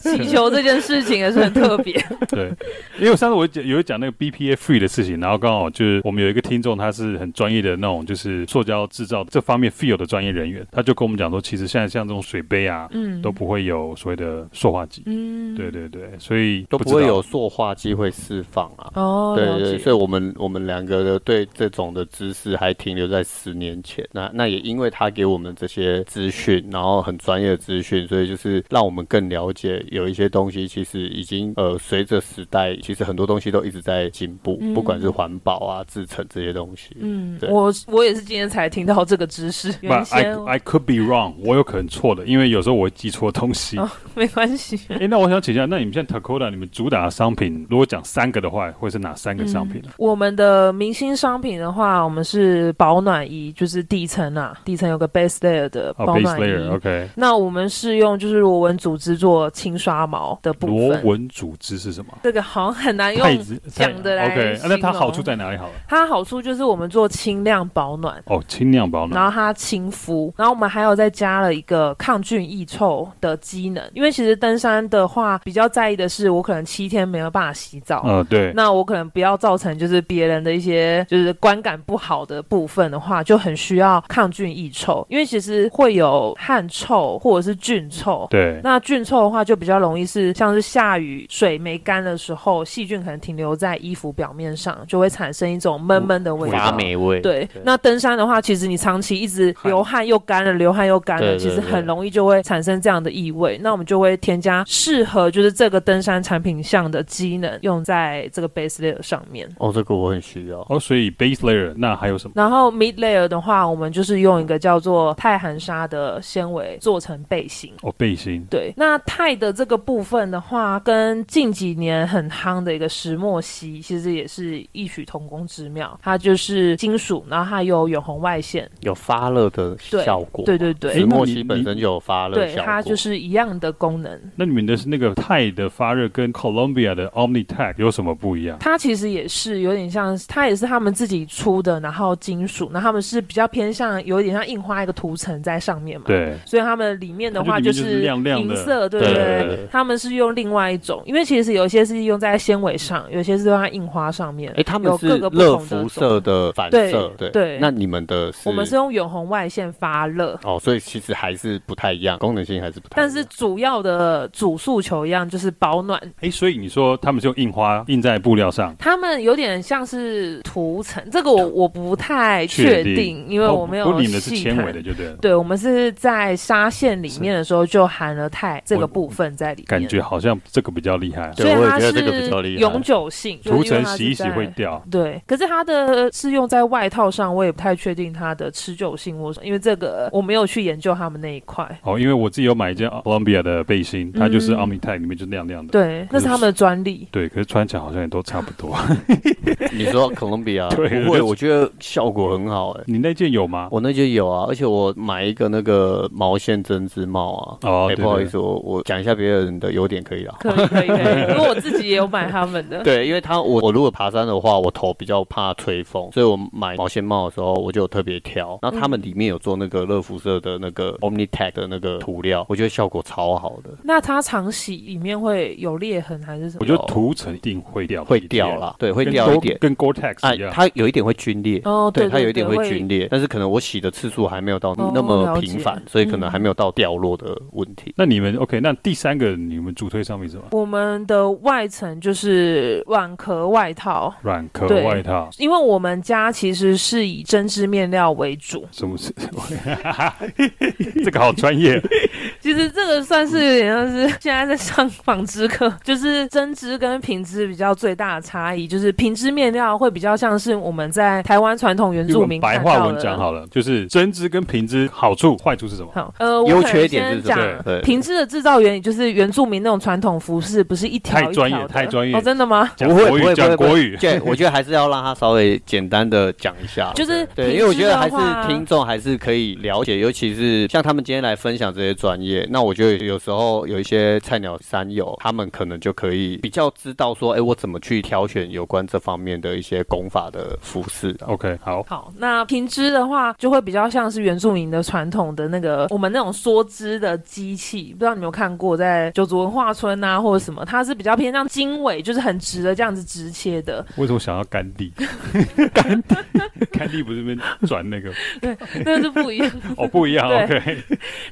祈 求這件事情也是很特別。 對，因為上次我講有一講那個 B P A free 的事情，然後剛好就是我們有一個聽眾，他是很專業的那種，就是塑膠制造這方面 feel 的專業人員，他就跟我們講說，其實現在像這種水杯啊，嗯，都不會有所謂的塑化劑。嗯，對對對。所以都不，都不會有塑化劑會釋放啊。哦，對對,所以我們我們兩個的對這種的知識還停留在十年前。那那也因為他給我們這些資訊，然後很專業的資訊，所以就是讓我們更了解有一些東西其實已經呃隨着時代，其實很多東西都一直在進步，嗯、不管是環保啊、製程這些東西。嗯，對我我也是今天才聽到這個知識。I I could be wrong， 我有可能錯的，因為有時候我會記錯東西。哦、沒關係。哎、欸，那我想請教，那你們現在？Takoda, 你們主打的商品，如果講三個的話，會是哪三個商品、啊嗯？我們的明星商品的話，我們是保暖衣，就是底層啊，底層有個 base layer 的保暖衣。oh, base layer, OK，那我們是用就是羅紋組織做輕刷毛的部分。羅紋組織是什麼？這個好像很難用講的來。OK、啊、那它好處在哪裡？好了，它好處就是我們做輕量保暖哦，oh, 輕量保暖，然後它親膚，然後我們還有再加了一個抗菌抑臭的機能，因為其實登山的話比較在。的是我可能七天沒有辦法洗澡，嗯，對，那我可能不要造成就是別人的一些就是觀感不好的部分的話，就很需要抗菌抑臭，因為其實會有汗臭或者是菌臭，對，那菌臭的話就比較容易是像是下雨水沒乾的時候，細菌可能停留在衣服表面上，就會產生一種悶悶的味道，霉味對，對，那登山的話，其實你長期一直流汗又乾了，流汗又乾了，了，其實很容易就會產生這樣的異味對對對，那我們就會添加適合就是這個。登山產品項的機能用在這個 base layer 上面。哦，這個我很需要。哦，所以 base layer 那還有什麼？然後 mid layer 的話，我們就是用一個叫做鈦含沙的纖維做成背心。哦，背心。對，那鈦的這個部分的話，跟近幾年很夯的一個石墨烯，其實也是異曲同工之妙。它就是金屬，然後它有遠紅外線，有發熱的效果。對對對，對、對、欸，石墨烯本身就有發熱效果，對它就是一樣的功能。那你們的是那個鈦的。發熱跟 Columbia 的 Omni Tech 有什麼不一樣？它其實也是有點像，它也是他們自己出的，然後金屬，那他們是比較偏向有一點像印花一個塗層在上面嘛。對，所以他們裡面的話就是銀色，亮亮色對，對，對，對，對，對，對對。他們是用另外一種，因為其實有些是用在纖維上，有些是用在印花上面。哎、欸，他們是熱輻射的反射，對對，對。那你們的，我們是用遠紅外線發熱哦，所以其實還是不太一樣，功能性還是不太一樣。但是主要的主訴求一樣，就是。保暖。哎、欸，所以你說他們是用印花印在布料上，他們有點像是塗層。這個我我不太確定，定，因為我沒有。我、哦、領的是纖維的，就對了。對，我們是在紗線裡面的時候就含了鈦這個部分在裡面，感覺好像這個比較厲害，害。所以我也覺得這個比較厲害。永久性塗層，就是、洗一洗會掉。對，可是它的，是用在外套上，我也不太確定它的持久性。或是因為這個我沒有去研究他們那一塊。哦，因為我自己有買一件 Columbia 的背心，它就是 Omni-Tech 裡面就那樣。對，那是他們的專利。對，可是穿起來好像也都差不多。 你說哥倫比亞？不會，我覺得效果很好、欸。哎，你那件有嗎？我那件有啊，而且我買一個那個毛線針織帽啊。哦、oh, 欸，不好意思，我我講一下別人的優點可以了、啊。可以可以。可以。不過 我自己也有買他們的。 對，因為他我我如果爬山的話，我頭比較怕吹風，所以我買毛線帽的時候我就特別挑、嗯。然後他們裡面有做那個熱輻射的那個 Omni-Tech 的那個塗料，我覺得效果超好的。那他常洗裡面會？有裂痕還是什麼？我覺得塗層一定會掉點點，會掉了。對，會掉一點，跟 Gore-Tex 一樣、啊，它有一點會皸裂。哦、oh,，對、對、對，它有一點會皸裂會，但是可能我洗的次數還沒有到、oh, 嗯、那麼頻繁，所以可能還沒有到掉落的問題。嗯、那你們 OK？那第三個你們主推商品是什麼？我們的外層就是軟殼外套，軟殼外套，因為我們家其實是以針織面料為主。什麼是？ 這個好專業。 其實這個算是有點像是現在在上紡。織個就是針織跟平織比較最大的差異，就是平織面料會比較像是我們在台灣傳統原住民白話文講好了，嗯、就是針織跟平織好處壞處是什麼？好，呃，優缺點是這樣。對，平織的制造原理就是原住民那種傳統服飾，不是一條一條，太專業，太專業，哦，真的嗎？講國語，講國語，不會，不會，不會不，講國語。對，我覺得還是要讓他稍微簡單的講一下，就是對，因為我覺得還是聽眾還是可以了解，尤其是像他們今天來分享這些專業，那我覺得有時候有一些菜鳥山友。他們可能就可以比較知道說，哎，我怎麼去挑選有關這方面的一些工法的服飾？OK，好。好，那平織的話，就會比較像是原住民的傳統的那個我們那種梭織的機器，不知道你有沒有看過，在九族文化村啊或者什麼，它是比較偏向經緯，就是很直的這樣子直切的。為什麼想要甘地？ 甘地， 甘地不是那邊轉那個？對，那個是不一樣 哦，不一樣。OK，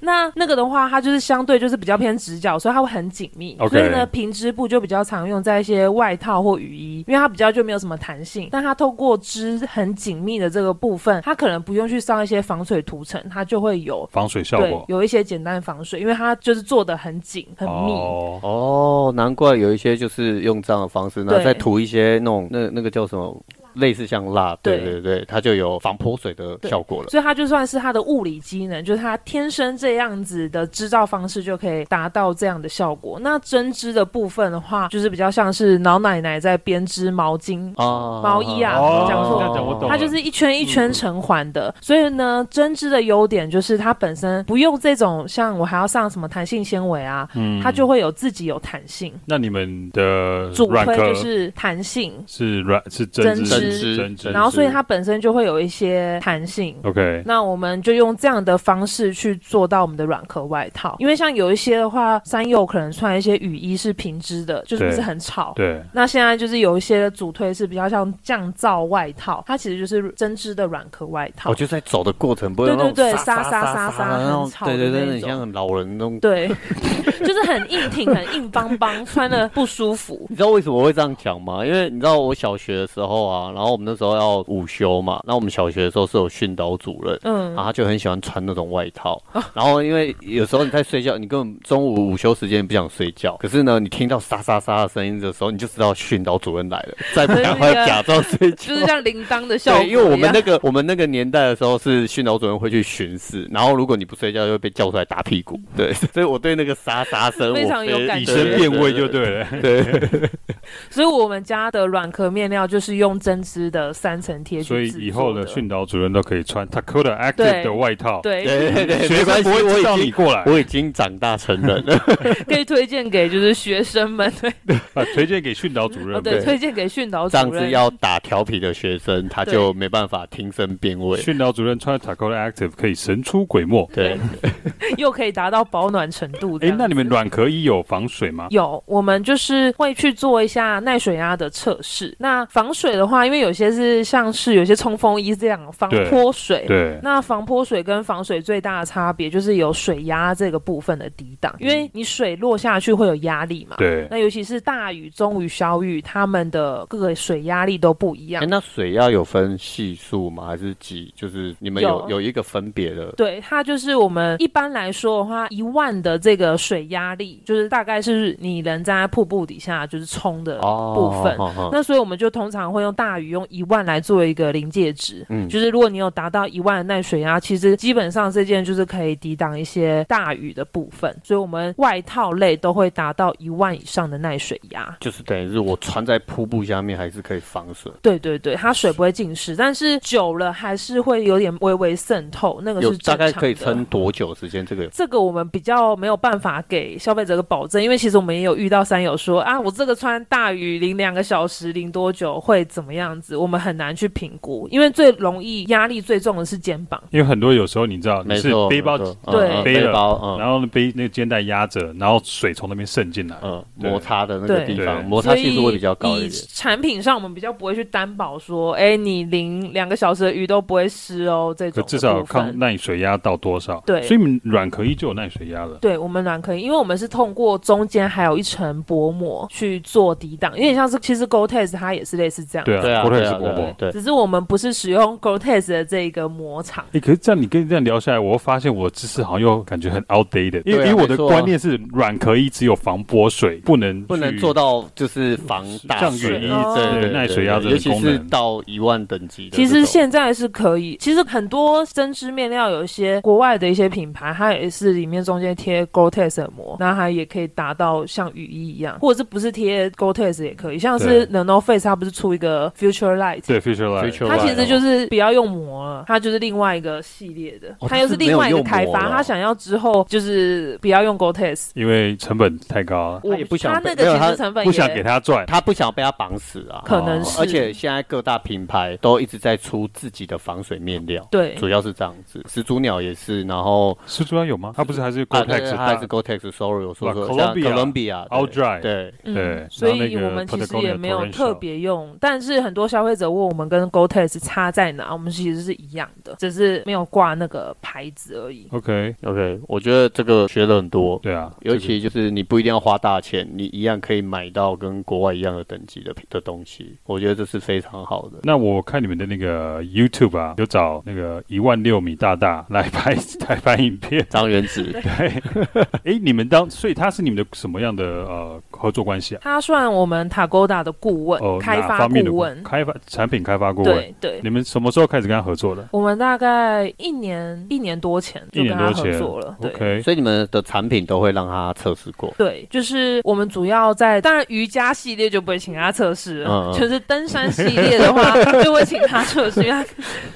那那個的話，它就是相對就是比較偏直角，所以它會很緊密。Okay. 所以呢，平織布就比較常用在一些外套或雨衣，因為它比較就沒有什麼彈性。但它透過織很緊密的這個部分，它可能不用去上一些防水塗層，它就會有防水效果，有一些簡單防水，因為它就是做得很緊很密哦。哦，難怪有一些就是用這樣的方式，那再塗一些那種那那個叫什麼？類似像蠟，對對對，對，對，它就有防潑水的效果了。所以它就算是它的物理機能，就是它天生這樣子的織造方式就可以達到這樣的效果。那針織的部分的話，就是比較像是老奶奶在編織毛巾、哦、毛衣啊，講、哦、說、哦哦、這樣懂了，它就是一圈一圈成環的、嗯。所以呢，針織的優點就是它本身不用這種像我還要上什麼彈性纖維啊、嗯，它就會有自己有彈性。那你們的主推就是彈性，是軟是針織。織，然後所以它本身就會有一些彈性。OK，那我們就用這樣的方式去做到我們的軟殼外套。因為像有一些的話，山友可能穿一些雨衣是平織的，就是不是很吵。對。對，那現在就是有一些的主推是比較像降噪外套，它其實就是針織的軟殼外套。我、哦、就在走的過程，不會對對對沙沙沙沙很吵那種。對對對，對，對，你像老人那種，對， 就是很硬挺、很硬邦邦， 穿的不舒服。你知道為什麼會這樣講嗎？因為你知道我小學的時候啊。然後我們那時候要午休嘛，那我們小學的時候是有訓導主任，嗯，然後他就很喜歡穿那種外套。哦、然後因為有時候你在睡覺，你根本中午午休時間不想睡覺，可是呢，你聽到沙沙沙的聲音的時候，你就知道訓導主任來了，是不是再不趕快假裝睡覺？就是像鈴鐺的效果。對，因為我們那個 我們那個年代的時候是訓導主任會去巡視，然後如果你不睡覺就會被叫出來打屁股。對，所以我對那個沙沙聲非常有感覺，以聲辨位就對了。對，對對對 所以我們家的軟殼面料就是用針。織的三層貼，所以以後的訓導主任都可以穿 Takoda Active 的外套。對，對，對，對，學生不會叫你過來，我已經長大成人，了。 可以推薦給就是學生們。對， 啊、推薦給訓導主任。哦、對，推薦給訓導主任。這樣子要打調皮的學生，他就沒辦法聽聲辨位。訓導主任穿 Takoda Active 可以神出鬼沒。對， 又可以達到保暖程度。哎、欸，那你們軟殼衣有防水嗎？有，我們就是會去做一下耐水壓的測試。那防水的話。因為有些是像是有些衝鋒衣是這樣防潑水，對，對，那防潑水跟防水最大的差別就是有水壓這個部分的抵擋，因為你水落下去會有壓力嘛，對。那尤其是大雨、中雨、小雨，他們的各個水壓力都不一樣。欸、那水壓有分係數嗎？還是幾？就是你們有有，有一個分別的？對，它就是我們一般來說的話，一萬的這個水壓力就是大概是你人在瀑布底下就是衝的部分。Oh, oh, oh, oh. 那所以我們就通常會用大。用一萬來做一個臨界值，嗯，就是如果你有達到一萬的耐水壓，其實基本上這件就是可以抵擋一些大雨的部分。所以，我們外套類都會達到一萬以上的耐水壓，就是等於是我穿在瀑布下面還是可以防水。對對對，它水不會浸濕，但是久了還是會有點微微滲透。那個是大概可以撐多久時間？這個這個我們比較沒有辦法給消費者個保證，因為其實我們也有遇到山友說啊，我這個穿大雨淋兩個小時淋，淋多久會怎麼樣？樣子，我們很難去評估，因為最容易壓力最重的是肩膀。因為很多有時候你知道，每次背包對、嗯、背包、嗯，然後背那個肩帶壓着，然後水從那邊滲進來，嗯，摩擦的那個地方，摩擦係數會比較高一點。以以產品上我們比較不會去擔保說，哎、欸，你淋兩個小時的雨都不會濕哦。這種至少抗耐水壓到多少？對，所以軟殼衣就有耐水壓了。對我們軟殼衣，因為我們是通過中間還有一層薄膜去做抵擋，有點像是其實 Gore-Tex 它也是類似這樣，對啊。GorTex 只是我們不是使用 GorTex 的這個膜廠。哎、欸，可是這樣你跟你這樣聊下來，我發現我的知識好像又感覺很 outdated 的，因為我的觀念是軟殼、嗯、衣只有防潑水，不能不能做到就是防大像雨衣、哦對對對對、耐水壓這些尤其是到一萬等級的。其實現在是可以，其實很多針織面料有一些國外的一些品牌，它也是裡面中間貼 GorTex 的膜，那它也可以達到像雨衣一樣，或者是不是貼 GorTex 也可以，像是 North Face，它不是出一個。Future Light，對 Future Light，它其實就是不要用膜了、哦，它就是另外一個系列的，哦、它又是另外一個開發，他想要之後就是不要用 Gore-Tex，因為成本太高、啊，他也不想那個也沒有他成本，它不想給他賺，他不想被他綁死啊，可能是。而且現在各大品牌都一直在出自己的防水面料，對、哦，主要是這樣子，始祖鳥也是，然後始祖鳥有嗎？他不是還是 Gore-Tex，、啊啊、還是 Gore-Tex，sorry，我、啊、說的、啊、像哥倫比亞 All Dry，對對，對，對，所以我們其實也沒有特別用，但是很。很多消費者問我們跟 Gore-Tex 差在哪，我們其實是一樣的，只是沒有掛那個牌子而已。OK OK，我覺得這個學了很多，對啊，尤其就是你不一定要花大錢，你一樣可以買到跟國外一樣的等級的的東西，我覺得這是非常好的。那我看你們的那個 YouTube 啊，有找那個一萬六米大大來拍來 拍影片， 張元植池對，哎 對、 欸，你們當所以他是你們的什麼樣的呃合作關係啊？他算我們塔勾達的顧問、呃，開發顧問。開發產品開發過對對，你們什麼時候開始跟他合作的？我們大概一年一年多前就跟他合作了。一年多前。OK，所以你們的產品都會讓他測試過。對，就是我們主要在當然瑜伽系列就不會請他測試，就是登山系列的話就會請他測試。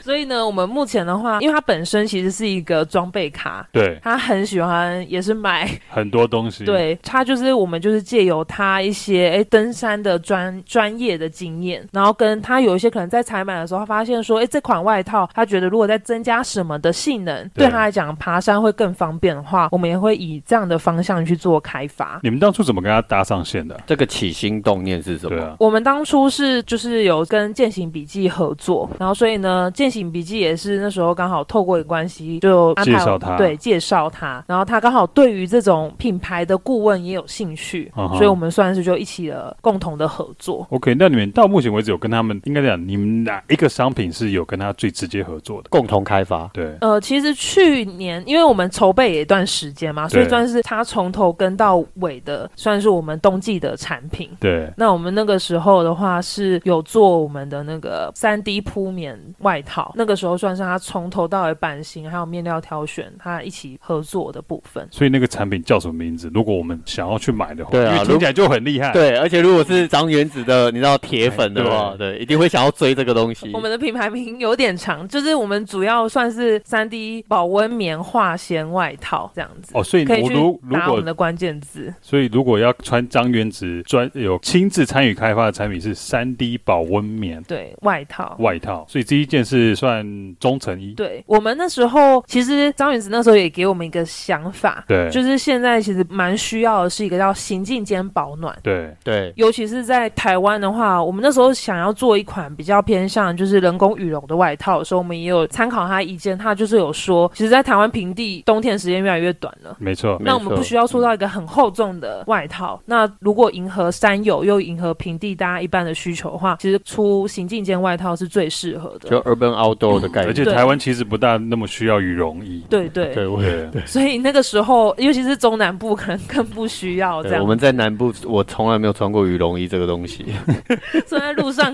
所以呢，我們目前的話，因為他本身其實是一個裝備咖，對，他很喜歡，也是買很多東西。對，他就是我們就是借由他一些哎登山的專專業的經驗，然後。跟他有一些可能在採買的時候，他發現說，哎、欸，這款外套，他覺得如果再增加什麼的性能，對,對他來講爬山會更方便的話，我們也會以這樣的方向去做開發。你們當初怎麼跟他搭上線的？這個起心動念是什麼？啊、我們當初是就是有跟健行筆記合作，然後所以呢，健行筆記也是那時候剛好透過關係就安排介紹他，對，介紹他，然後他剛好對於這種品牌的顧問也有興趣、嗯，所以我們算是就一起了，共同的合作。OK，那你們到目前為止有。跟他們應該講，你們哪一個商品是有跟他最直接合作的、共同開發？對，呃，其實去年因為我們籌備也一段時間嘛，所以算是他從頭跟到尾的，算是我們冬季的產品。對，那我們那個時候的話是有做我們的那個三 D 鋪棉外套，那個時候算是他從頭到尾版型還有面料挑選，他一起合作的部分。所以那個產品叫什麼名字？如果我們想要去買的話，對啊、因為聽起來就很厲害。對，而且如果是張元植的，你知道鐵粉的話，對對對，一定會想要追這個東西。 我們的品牌名有點長，就是我們主要算是三 D 保溫棉化纖外套這樣子。哦，所以我如可以去打如果我們的關鍵字，所以如果要穿張元植專有親自參與開發的產品是三 D 保溫棉對外套外套，所以這一件是算中層衣。對，我們那時候其實張元植那時候也給我們一個想法，對，就是現在其實蠻需要的是一個叫行進間保暖。對對，尤其是在台灣的話，我們那時候想要。要做一款比較偏向就是人工羽絨的外套的，所以我們也有參考他意見。他就是有說，其實，在台灣平地冬天時間越來越短了。沒錯，那我們不需要出到一個很厚重的外套。嗯、那如果迎合山友又迎合平地大家一般的需求的話，其實出行這件外套是最適合的。就 Urban Outdoor 的概念。嗯、而且台灣其實不大那麼需要羽絨衣。對對對,對,對,對。所以那個時候，尤其是中南部可能更不需要這樣。我們在南部，我從來沒有穿過羽絨衣這個東西。坐 在路上。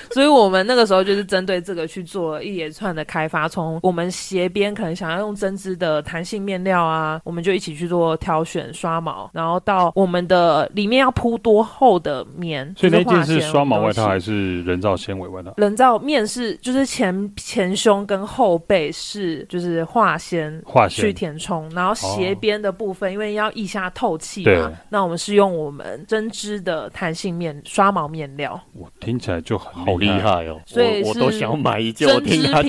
所以，我們那個時候就是針對這個去做了一連串的開發，從我們斜邊可能想要用針織的彈性面料啊，我們就一起去做挑選刷毛，然後到我們的裡面要鋪多厚的棉，所以那件是刷毛外套還是人造纖維外套？人造面是，就是前前胸跟後背是就是化纖，化纖去填充，然後斜邊的部分、oh. 因為要一下透氣嘛對，那我們是用我們針織的彈性面刷毛面料。我聽起來就很厚。啊、厲害哦！所以我，我都想買一件，針織拼織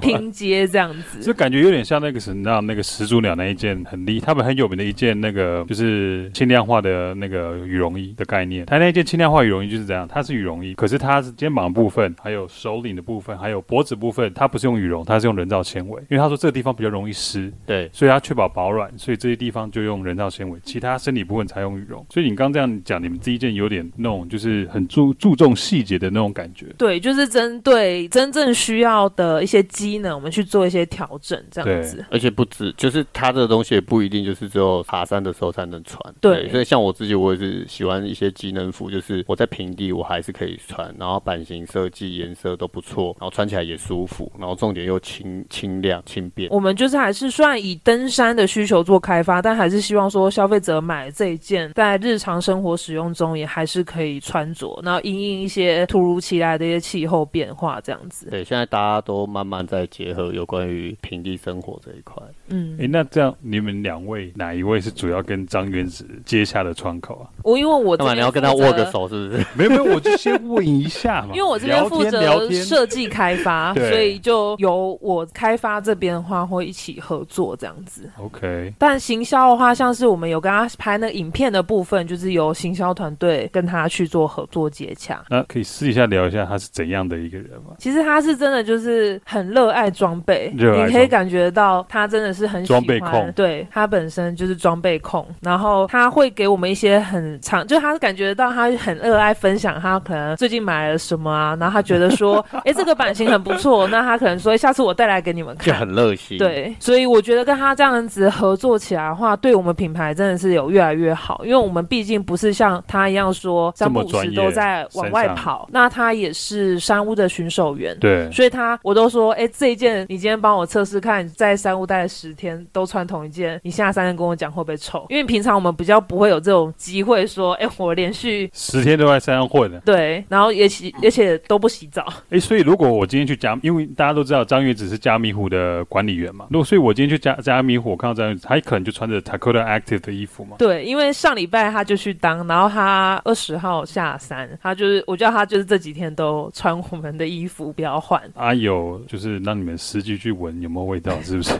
拼接這樣子，就感覺有點像那個什那那個始祖鳥那一件很厲，他們很有名的一件那個就是輕量化的那個羽絨衣的概念。他那一件輕量化羽絨衣就是這樣，它是羽絨衣，可是它是肩膀部分、還有首領的部分、還有脖子部分，它不是用羽絨，它是用人造纖維，因為他說這個地方比較容易濕，對，所以它確保保暖，所以這些地方就用人造纖維，其他身體部分才用羽絨。所以你剛這樣講，你們這一件有點那種就是很注注重細節的那種感覺。對，就是針對真正需要的一些機能，我們去做一些調整，這樣子。而且不止，就是它這個東西也不一定就是只有爬山的時候才能穿。對，所以像我自己，我也是喜歡一些機能服，就是我在平地我還是可以穿，然後版型設計、顏色都不錯，然後穿起來也舒服，然後重點又輕、輕量、輕便。我們就是還是算以登山的需求做開發，但還是希望說消費者買這一件，在日常生活使用中也還是可以穿着，然後因應一些突如其來的一些氣候變化這樣子，對，現在大家都慢慢在結合有關於平地生活這一塊，嗯，哎、欸，那這樣你們兩位哪一位是主要跟張元植接洽的窗口啊？我因為我幹嘛，你要跟他握個手是不是？ 沒有沒有，我就先問一下嘛， 因為我這邊負責設計開發聊天聊天， 所以就由我開發這邊的話會一起合作這樣子。OK，但行銷的話，像是我們有跟他拍那個影片的部分，就是由行銷團隊跟他去做合作接洽。那可以試一下聊一下，他是怎樣的一個人嗎？其實他是真的就是很熱愛裝備，你可以感覺到他真的是很喜歡裝備控。對，他本身就是裝備控，然後他會給我們一些很長，就他感覺到他很熱愛分享，他可能最近買了什麼啊，然後他覺得說，哎，這個版型很不錯，那他可能說下次我帶來給你們看，就很熱心。對，所以我覺得跟他這樣子合作起來的話，對我們品牌真的是有越來越好，因為我們畢竟不是像他一樣說，三不五時都在往外跑，那他也。是山屋的巡守員，對，所以他我都說，哎，這一件你今天幫我測試看，在山屋待了十天都穿同一件，你下山三天跟我講會不會臭？因為平常我們比較不會有這種機會，說，哎，我連續十天都在山上混了，對，然後也洗，而且都不洗澡，哎，所以如果我今天去加，因為大家都知道張元植是嘉明湖的管理員嘛，如果，所以我今天去加加嘉明湖我看到張元植，他可能就穿着 Takoda Active 的衣服嘛，對，因為上禮拜他就去當，然後他二十號下山，他就是我叫他就是這幾天。都穿我們的衣服，不要換。啊，有就是讓你們實際去聞有沒有味道，是不是？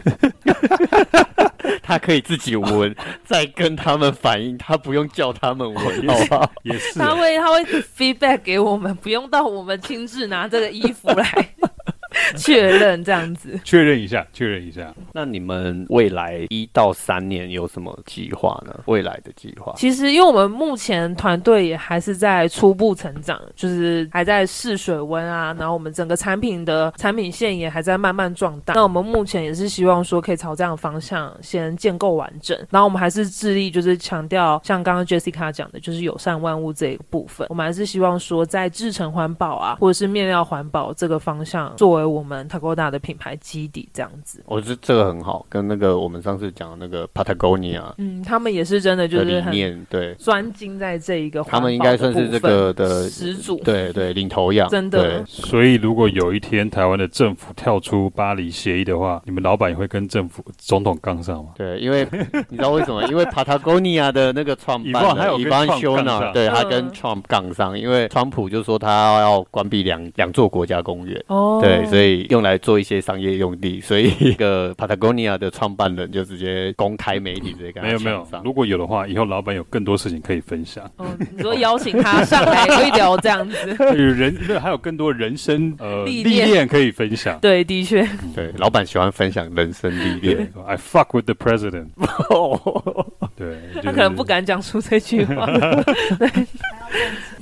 他可以自己聞，哦，再跟他們反應，他不用叫他們聞，哦，好不好？也是。他會他會一直 feedback 給我們，不用到我們親自拿這個衣服來。 確 認這樣子 確認一下，確認一下。那你們未來一到三年有什麼計劃呢？未來的計劃，其實因為我們目前團隊也還是在初步成長，就是還在試水溫啊。然後我們整個產品的產品線也還在慢慢壯大。那我們目前也是希望說可以朝這樣的方向先建構完整。然後我們還是致力，就是強調像剛剛 Jessica 講的，就是友善萬物這一部分。我們還是希望說在製程環保啊，或者是面料環保這個方向作為我。我們 Takoda 的品牌基底這樣子。我覺得這個很好，跟那個我們上次講的那個 Patagonia，嗯，他們也是真的就是很對，專精在這一個，他們應該算是這個的始祖，對對，領頭羊，真的。所以如果有一天台灣的政府跳出巴黎協議的話，你們老闆也會跟政府總統槓上嗎？對，因為你知道為什麼？因為 Patagonia 的那個創辦人 Yvon Chouinard，對他跟 Trump 槓上，因為 Trump 就說他要關閉兩兩座國家公園，哦，對，所以。以，用來做一些商業用地，所以一個 Patagonia 的創辦人就直接公開媒體，這些感覺沒有沒有，如果有的話，以後老闆有更多事情可以分享。哦，你說邀請他上來可以聊這樣子， 與人有還有更多人生呃歷練可以分享。對，的確、嗯，對，老闆喜歡分享人生歷練。I fuck with the president 對。對，對，對，對，對，他可能不敢講出這句話。 對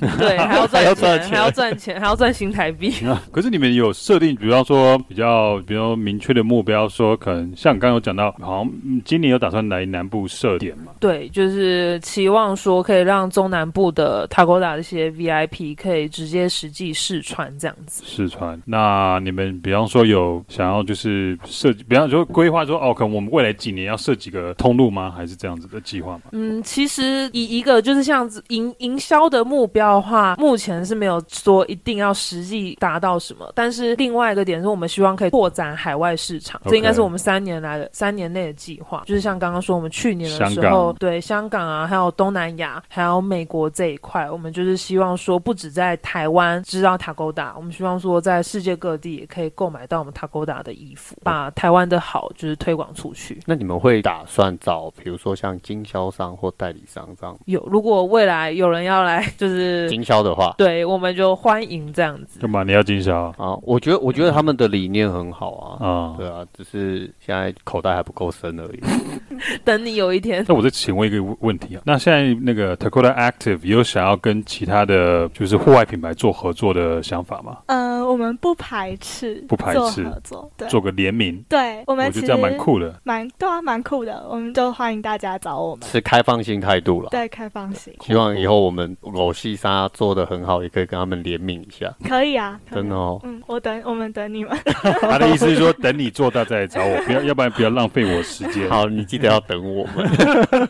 對，還要賺錢，還要賺錢，還要賺 新台幣、啊。可是你們有設定，比方說比較，比方說明確的目標說，說可能像你剛剛有講到，好像今年有打算來南部設點嗎？對，就是期望說可以讓中南部的 Takoda 這些 VIP 可以直接實際試穿這樣子。試穿。那你們比方說有想要就是設計，比方說規劃說哦，可能我們未來幾年要設幾個通路嗎？還是這樣子的計劃嗎？嗯，其實以一個就是像營營銷的目標。的話，目前是沒有說一定要實際達到什麼，但是另外一個點是，我們希望可以拓展海外市場，Okay. 這應該是我們三年來的三年內的計劃。就是像剛剛說，我們去年的時候，香對香港啊，還有東南亞，還有美國這一塊，我們就是希望說，不只在台灣知道 Takoda，我們希望說在世界各地也可以購買到我們 Takoda 的衣服，把台灣的好就是推廣出去。那你們會打算找，比如說像經銷商或代理商這樣？有，如果未來有人要來，就是。經銷的話，對，我們就歡迎這樣子。幹嘛你要經銷啊？我覺得，我覺得他們的理念很好啊。啊、嗯，對啊，只是現在口袋還不夠深而已。 等你有一天。那我就請問一個問題啊。那現在那個 Takoda Active 有想要跟其他的就是戶外品牌做合作的想法嗎？嗯、呃，我們不排斥，不排斥合作對，做個聯名對。對，我們我覺得這樣蠻酷的，蠻對、啊、蠻酷的，我們都歡迎大家找我們，是開放性態度了。對，開放性。希望以後我們某西山。他做得很好，也可以跟他們聯名一下，可以啊，等 哦，嗯，我等，我們等你們。 他的意思是說，等你做到再來找我，不要， 要不然不要浪費我時間。 好，你記得要等我們。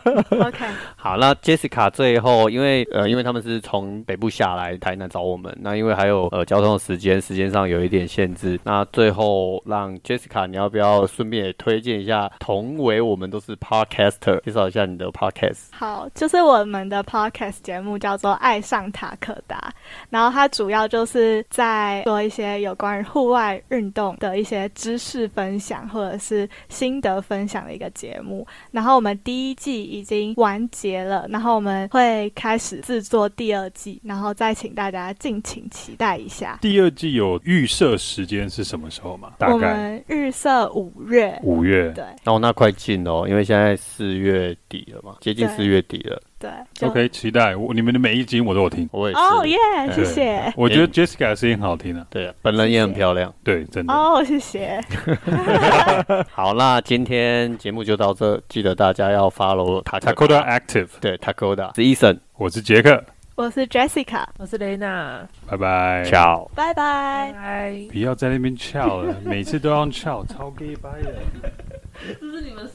OK，好，那 Jessica 最後，因為呃，因為他們是從北部下來台南找我們，那因為還有呃交通的時間，時間上有一點限制，那最後讓 Jessica，你要不要順便也推薦一下同為我們都是 Podcaster，介紹一下你的 Podcast？好，就是我們的 Podcast 節目叫做愛上塔可達，然後它主要就是在做一些有關於戶外運動的一些知識分享或者是心得分享的一個節目。然後我們第一季已經完結了，然後我們會開始制作第二季，然後再請大家敬請期待一下。第二季有預設時間是什麼時候嗎？大概我們預設五月，五月對，對，對，然後，哦，那快進哦，因為現在四月底了嘛，接近四月底了。對，OK，期待你們的每一集，我都有聽，我也是。哦、oh, 耶、yeah,，謝謝。我覺得 Jessica 的聲音很好聽啊，yeah. 對，本人也很漂亮，謝謝，對，真的。哦、oh,，謝謝。 好，那今天節目就到這，記得大家要 follow Takoda, Takoda Active。對，Takoda 是 Eason，我是傑克，我是 Jessica，我是 Lena，拜拜，翹，拜拜，拜拜，不要在那邊翹了， 每次都要翹 gaybody 的，超 gay 拜的這是你們。